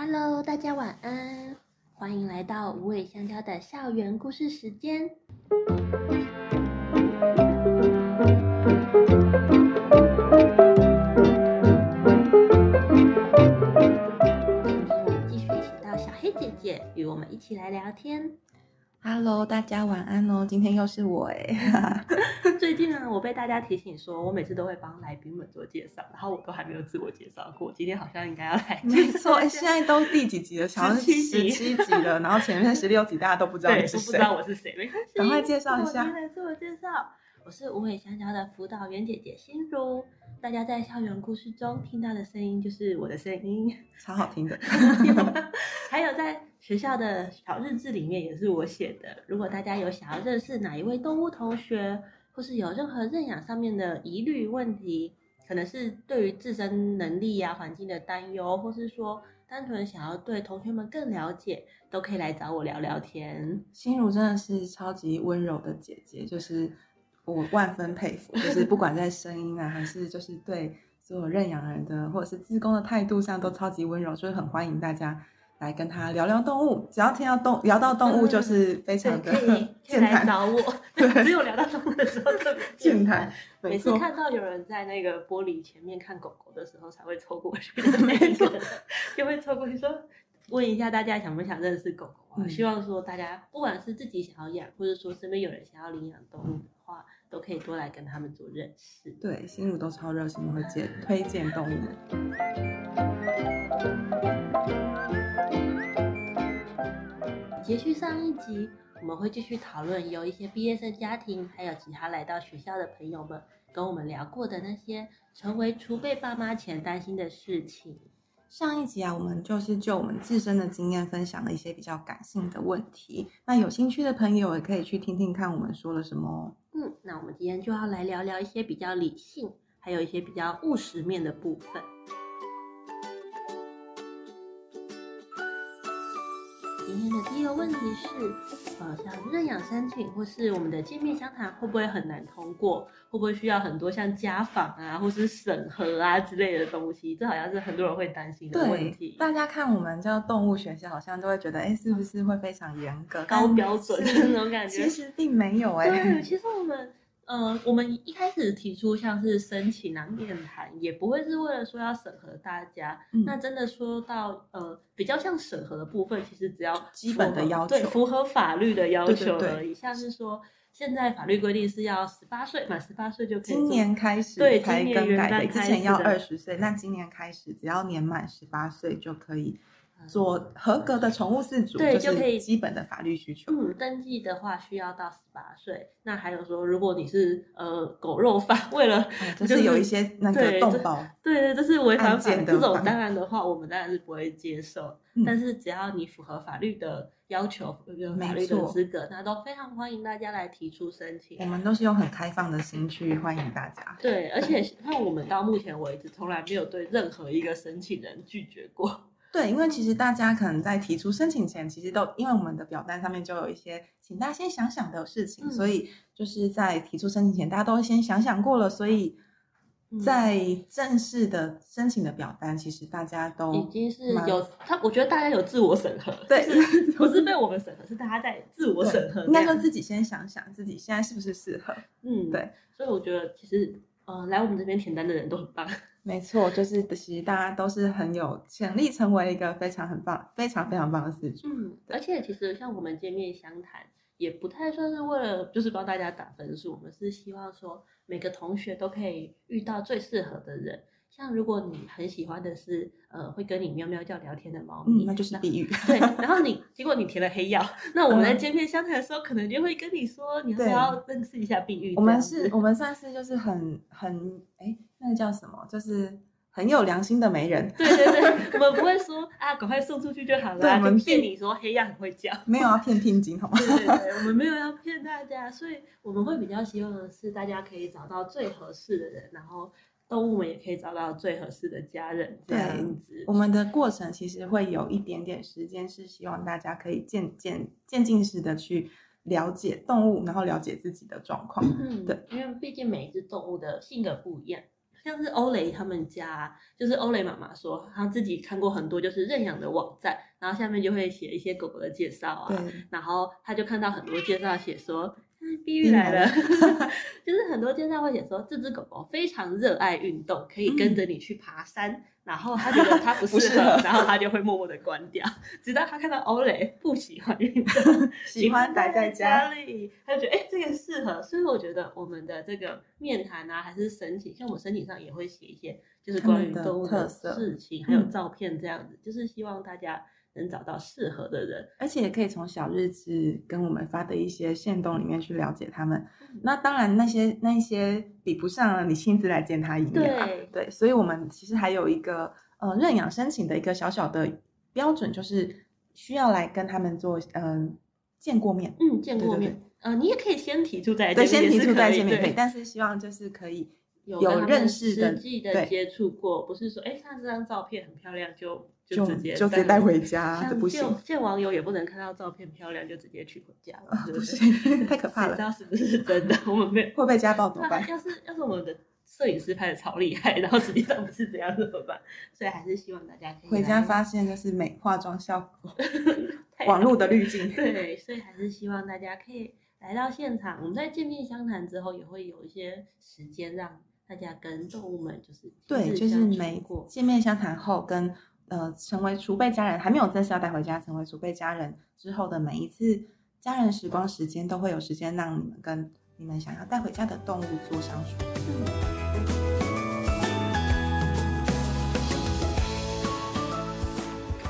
Hello，大家晚安，歡迎來到無尾香蕉的校園故事時間。今天我們繼續請到小黑姐姐與我們一起來聊天。哈嘍，Hello，大家晚安哦！今天又是我哎，欸。 最近呢，我被大家提醒說，我每次都會幫來賓們做介紹，然後我都還沒有自我介紹過。今天好像應該要來介紹。沒錯，欸，現在都第幾集了？好像十七集了。然後前面十六集 大家都不，都不知道我是誰。都不知道我是誰，趕快介紹一下。我來自我介紹，我是無尾香蕉的輔導員姐姐心如。大家在校園故事中聽到的聲音就是我的聲音，超好聽的。 還有在。學校的小日誌裡面也是我寫的。如果大家有想要認識哪一位動物同學，或是有任何認養上面的疑慮問題，可能是對於自身能力呀、啊、環境的擔憂，或是說單純想要對同學們更了解，都可以來找我聊聊天。心如真的是超級溫柔的姐姐，就是我萬分佩服。就是不管在聲音啊， 還是就是對所有認養人的或者是志工的態度上，都超級溫柔，所以很歡迎大家，來跟他聊聊動物，只要聽到動物聊到動物就是非常的健談、嗯、可以來找我， 對只有聊到動物的時候特別健談。錯每次看到有人在那個玻璃前面看狗狗的時候，才會湊過去的、那個。是沒有錯？就會湊過去？說，問一下大家想不想認識狗狗啊？嗯、希望說大家不管是自己想要養，或者說身邊有人想要領養動物的話，嗯、都可以多來跟他們做認識。對，心如都超熱心，嗯、會推薦動物。嗯接續上一集，我們會繼續討論有一些畢業生家庭，還有其他來到學校的朋友們跟我們聊過的那些成為儲備爸媽前擔心的事情。上一集啊，我們就是就我們自身的經驗分享了一些比較感性的問題。那有興趣的朋友也可以去聽聽看我們說了什麼，哦。嗯，那我們今天就要來聊聊一些比較理性，還有一些比較務實面的部分。今天的第一個問題是，好像認養申請或是我們的見面相談，會不會很難通過？會不會需要很多像家訪啊，或是審核啊之類的東西？這好像是很多人會擔心的問題。大家看我們叫動物學校好像都會覺得，哎、欸，是不是會非常嚴格、高標準的那種感覺？ 其實並沒有哎、欸，對，其實我們。呃，我們一開始提出像是申請、拿面談，也不會是為了說要審核大家。嗯、那真的說到呃，比較像審核的部分，其實只要基本的，基本的要求，對，符合法律的要求而已。像是說，現在法律規定是要十八歲滿十八歲就可以，今年開始才更改的，的之前要二十歲，那今年開始只要年滿十八歲就可以。做合格的寵物飼主，嗯、對，就可以基本的法律需求。嗯，登記的話需要到十八歲。那還有說，如果你是、嗯、呃狗肉販，為了就是、是有一些那個動保，對，這是違反法。這種當然的話，我們當然是不會接受。嗯、但是只要你符合法律的要求，有、嗯、法律的資格，錯那都非常歡迎大家來提出申請。我們都是用很開放的心去歡迎大家。對，而且像我們到目前為止，從來沒有對任何一個申請人拒絕過。對，因為其實大家可能在提出申請前，其實都因為我們的表單上面就有一些請大家先想想的事情，嗯、所以就是在提出申請前，大家都先想想過了，所以在正式的申請的表單，其實大家都已經是有他，我覺得大家有自我審核，對，不、就是、 是被我們審核，是大家在自我審核，應該說自己先想想自己現在是不是適合，嗯，對，所以我覺得其實呃，來我們這邊填單的人都很棒。沒錯，就是其實大家都是很有潛力，成為一個非常很棒、非常非常棒的事情。嗯，而且其實像我們見面相談，也不太算是為了就是幫大家打分數，我們是希望說每個同學都可以遇到最適合的人。像如果你很喜歡的是呃會跟你喵喵叫聊天的貓咪、嗯，那就是碧玉。那 對，然後你結果你填了黑曜，那我們在見面相談的時候，嗯、可能就會跟你說，你要不要認識一下碧玉？對我們是，我們算是就是很很哎。誒那個叫什麼？就是很有良心的媒人。 對對對，我們不會說啊，趕快送出去就好了。我們騙你說黑樣很會叫。沒有啊，騙聘金好嗎？對對對，我們沒有要騙大家，所以我們會比較希望的是大家可以找到最合適的人，然後動物們也可以找到最合適的家人這樣子。對，我們的過程其實會有一點點時間，是希望大家可以漸漸漸進式的去了解動物，然後了解自己的狀況。嗯，對，因為畢竟每一只動物的性格不一樣。像是歐蕾他們家啊，就是歐蕾媽媽說，她自己看過很多就是認養的網站，然後下面，就會寫一些狗狗的介紹啊，對然後她就看到很多介紹寫說。碧玉來了，嗯、 就是很多介紹會寫說，這只狗狗非常熱愛運動，可以跟着你去爬山。嗯、然後它覺得它不適合， 不適合然後它就會默默的關掉。直到它看到歐蕾不喜歡運動， 喜歡待在家裡，它 就覺得哎、欸，這個適合。所以我覺得我們的這個面談啊，還是申請，像我申請上也會寫一些，就是關於動物的事情，的還有照片這樣子，嗯、就是希望大家。能找到適合的人，而且也可以從小日子跟我們發的一些限動裡面去了解他們。嗯、那當然那，那些那些比不上你親自來見他一面。啊。對，對。所以我們其實還有一個呃認養申請的一個小小的標準，就是需要來跟他們做嗯、呃、見過面。嗯，見過面。對對對呃，你也可以先提出再對，這先提出再見面，對，對，但是希望就是可以有認識的、有實際的接觸過，對不是說哎，看，欸、這張照片很漂亮就。就直接帶回家，就不行！見網友也不能看到照片漂亮就直接娶回家了，不是？太可怕了！不知道是不是真的，我們被會被家暴怎麼辦？要是要是我們的攝影師拍的超厲害，然後實際上不是這樣怎麼辦？所以還是希望大家可以。回家發現就是美化妝效果，網絡的濾鏡。對，所以還是希望大家可以來到現場。我們在見面相談之後，也會有一些時間讓大家跟動物們，就是對，就是美國。見面相談後跟。呃，成為儲備家人還沒有正式要帶回家，成為儲備家人之後的每一次家人時光時間，都會有時間讓你們跟你們想要帶回家的動物做相處。嗯嗯，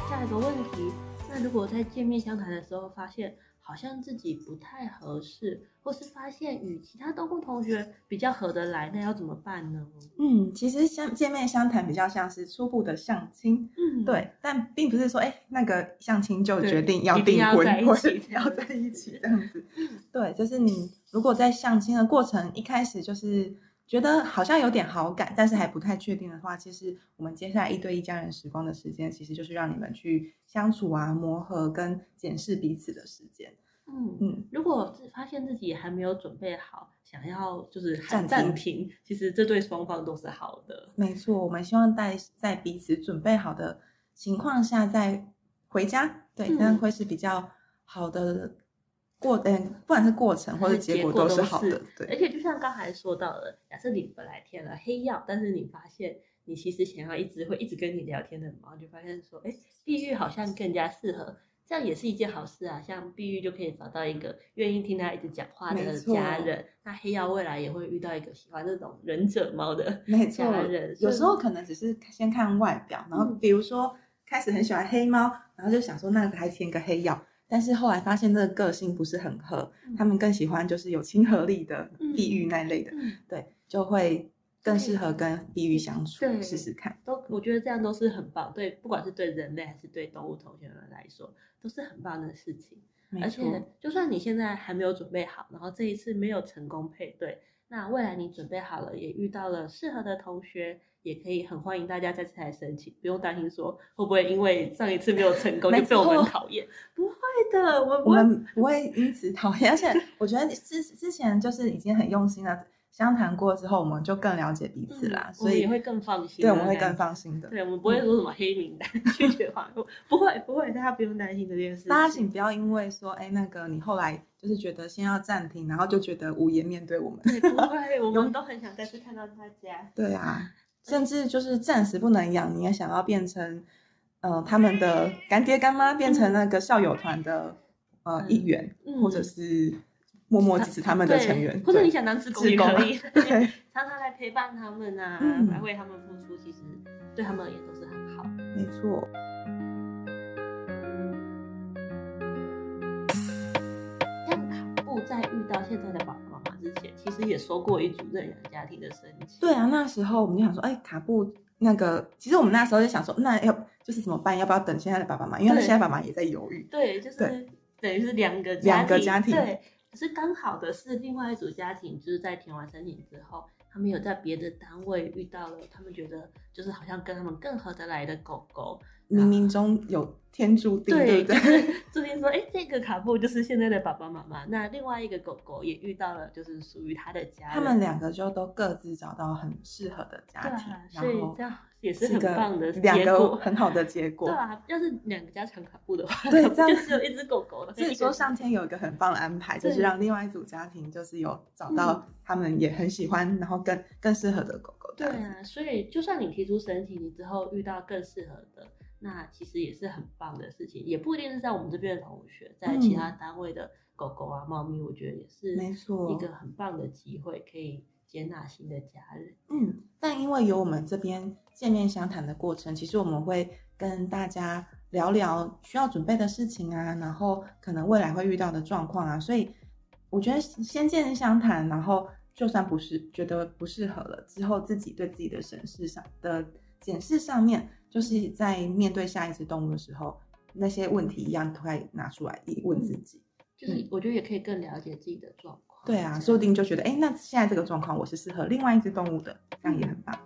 下一個問題，那如果在見面相談的時候發現，好像自己不太合適，或是發現與其他動物同學比較合得來，那要怎麼辦呢？嗯，其實相見面相談比較像是初步的相親，嗯，對，但並不是說哎，那個相親就決定要訂婚，或者一定要在一起這樣子， 對，就是你如果在相親的過程一開始就是。覺得好像有點好感，但是還不太確定的話，其實我們接下來一對一家人時光的時間，其實就是讓你們去相處啊、磨合跟檢視彼此的時間。嗯嗯，如果發現自己還沒有準備好，想要就是暫停，暫停，其實這對雙方都是好的。沒錯，我們希望在在彼此準備好的情況下再回家，對，這樣會是比較好的。過嗯、欸，不管是過程或者結果都是好的，對。而且就像剛才說到了，假設你本來填了、啊、黑曜，但是你發現你其實想要一隻會一直跟你聊天的貓，就發現說，哎、欸，碧玉好像更加適合，這樣也是一件好事啊。像碧玉就可以找到一個願意聽他一直講話的家人，沒錯。那黑曜未來也會遇到一個喜歡這種忍者貓的家人。沒錯。所以，有時候可能只是先看外表，然後比如說、嗯、開始很喜歡黑貓，然後就想說，那個還填個黑曜。但是後來發現這個個性不是很合，嗯、他們更喜歡就是有親和力的地域那類的，嗯嗯、對，就會更適合跟地域相處，試試看。都我覺得這樣都是很棒，對，不管是對人類還是對動物同學們來說，都是很棒的事情。錯而且，就算你現在還沒有準備好，然後這一次沒有成功配對。那未來你準備好了，也遇到了適合的同學，也可以很歡迎大家再次來申請，不用擔心說會不會因為上一次沒有成功就被我們討厭，錯不會的，我我們不會因此討厭， 而且我覺得你之之前就是已經很用心了。相談過之後，我們就更了解彼此啦，嗯、所以也會更放心的。對，我們會更放心的。對，我們不會說什麼黑名單拒絕話術，嗯、 不會不會，大家不用擔心的這件事。大家請不要因為說，哎、欸，那個你後來就是覺得先要暫停，然後就覺得無顏面對我們 對。不會，我們都很想再次看到大家。對啊，甚至就是暫時不能養，你也想要變成，呃、他們的乾爹乾媽，變成那個校友團的呃一、嗯、員，或者是。嗯默默支持他們的成員，是對或者你想當自己也志工可以，對常常來陪伴他們啊，嗯、來為他們付出，其實對他們而言都是很好。沒錯。像卡布在遇到現在的爸爸媽媽之前，其實也說過一組認養家庭的申請。對啊，那時候我們就想說，哎，卡布那個，其實我們那時候就想說，那要就是怎麼辦？要不要等現在的爸爸媽媽？因為現在爸、爸媽也在猶豫。對、對，就是對等於是兩個家庭兩個家庭。對。是剛好的是另外一組家庭，就是在填完申請之後，他們有在別的單位遇到了，他們覺得就是好像跟他們更合得來的狗狗。冥冥中有天註定，啊、對，對註定說，哎、欸，這個卡布就是現在的爸爸媽媽。那另外一個狗狗也遇到了，就是屬於他的家。他們兩個就都各自找到很適合的家庭，對啊、然後，這樣也是很棒的個兩個很好的結果。對啊，要是兩個家搶卡布的話， 對，這樣子 只有一隻狗狗。所以說上天有一個很棒的安排，對就是讓另外一組家庭就是有找到他們也很喜歡，嗯、然後更更適合的狗狗。對啊，所以就算你提出申請，你之後遇到更適合的。那其實也是很棒的事情，也不一定是在我們這邊的同學，在其他單位的狗狗啊、嗯、貓咪，我覺得也是沒錯，一個很棒的機會，可以接納新的家人。嗯，但因為有我們這邊見面相談的過程，其實我們會跟大家聊聊需要準備的事情啊，然後可能未來會遇到的狀況啊，所以我覺得先見面相談，然後就算不是覺得不適合了，之後自己對自己的審視上的。檢視上面，就是在面對下一只動物的時候，那些問題一樣都會拿出來問自己。就是你、嗯、我覺得也可以更了解自己的狀況。對啊，說不樣定就覺得，哎、欸，那現在這個狀況，我是適合另外一只動物的，這樣也很棒。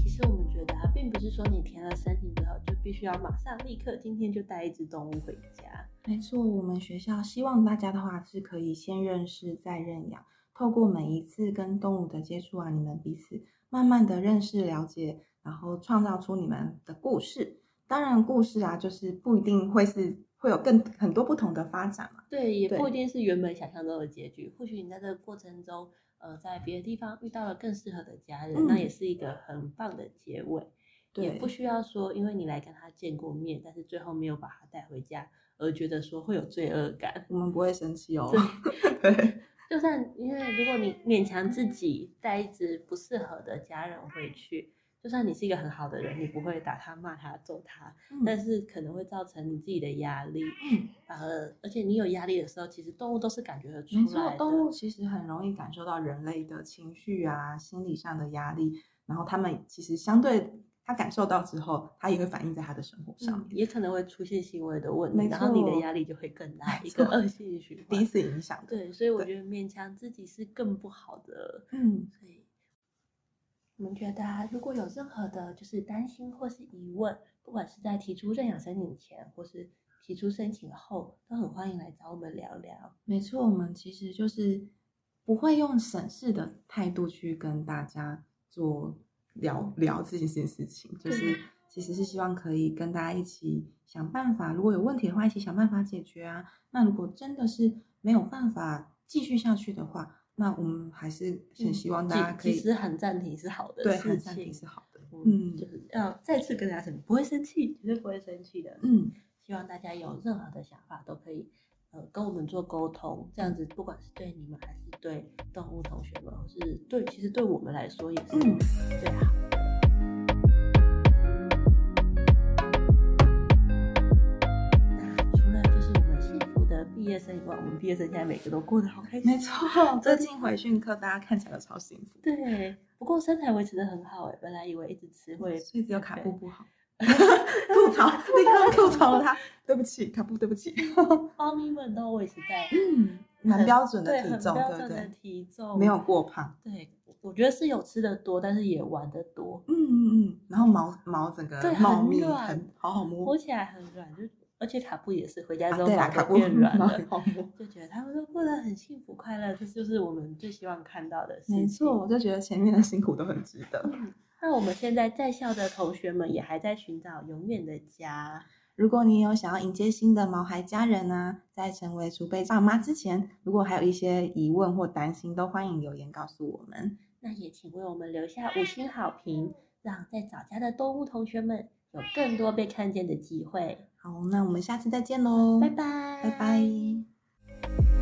其實我們覺得、啊，並不是說你填了申請之後，就必須要馬上立刻今天就帶一只動物回家。沒錯，我們學校希望大家的話，是可以先認識再認養。透過每一次跟動物的接觸啊，你們彼此慢慢的認識、了解，然後創造出你們的故事。當然，故事啊，就是不一定會是會有更很多不同的發展嘛。對，也不一定是原本想象中的結局。或對許你在這個過程中，呃，在別的地方遇到了更適合的家人，嗯、那也是一個很棒的結尾。對，也不需要說，因為你來跟他見過面，但是最後沒有把他帶回家，而覺得說會有罪惡感。我們不會生氣哦。對。 對就算因為，如果你勉強自己帶一隻不適合的家人回去，就算你是一個很好的人，你不會打他罵他揍他，但是可能會造成你自己的壓力。嗯，呃，而且你有壓力的時候，其實動物都是感覺得出來的。動物其實很容易感受到人類的情緒啊，心理上的壓力，然後他們其實相對。他感受到之後，他也會反映在他的生活上面，嗯、也可能會出現行為的問題，錯然後你的壓力就會更大，一個惡性循環，彼此影響的，對，所以我覺得勉強自己是更不好的。嗯對，所以我們覺得如果有任何的就是擔心或是疑問，不管是在提出認養申請前或是提出申請後，都很歡迎來找我們聊聊。沒錯，我們其實就是不會用審視的態度去跟大家做。聊聊這些事、事情，就是其實是希望可以跟大家一起想辦法。如果有問題的話，一起想辦法解決啊。那如果真的是沒有辦法繼續下去的話，那我們還是很希望大家可以，嗯、其實喊暫、暫停是好的，對，喊暫停是好的，嗯，就是要再次跟大家說，不會生氣，絕對不會生氣的，嗯，希望大家有任何的想法都可以，跟我們做溝通，這樣子不管是對你們還是對動物同學們，或是對其實對我們來說也是最好的。除了就是我們幸福的畢業生以外，我們畢業生現在每個都過得好開心。沒錯，最近回訓課大家看起來超幸福。 對，不過身材維持得很好誒、欸，本來以為一直吃會，所以只有卡布不好。吐槽，立刻吐槽他。對不起，卡布，對不起。貓咪們都維持在，嗯，蠻標準的體重，對對對，沒有過胖。對，我覺得是有吃的多，但是也玩的多。嗯嗯嗯。然後毛毛整個，對，很軟，很好摸，摸起來很軟。就而且卡布也是回家之後毛都變軟了，很好摸。就覺得他們都過得很幸福快樂，這就是我們最希望看到的。沒錯，我就覺得前面的辛苦都很值得。那我們現在在校的同學們也還在尋找永遠的家。如果你有想要迎接新的毛孩家人呢、啊，在成為儲備爸媽之前，如果還有一些疑問或擔心，都歡迎留言告訴我們。那也請為我們留下五星好評，讓在找家的動物同學們有更多被看見的機會。好，那我們下次再見嘍，拜拜 bye，拜拜。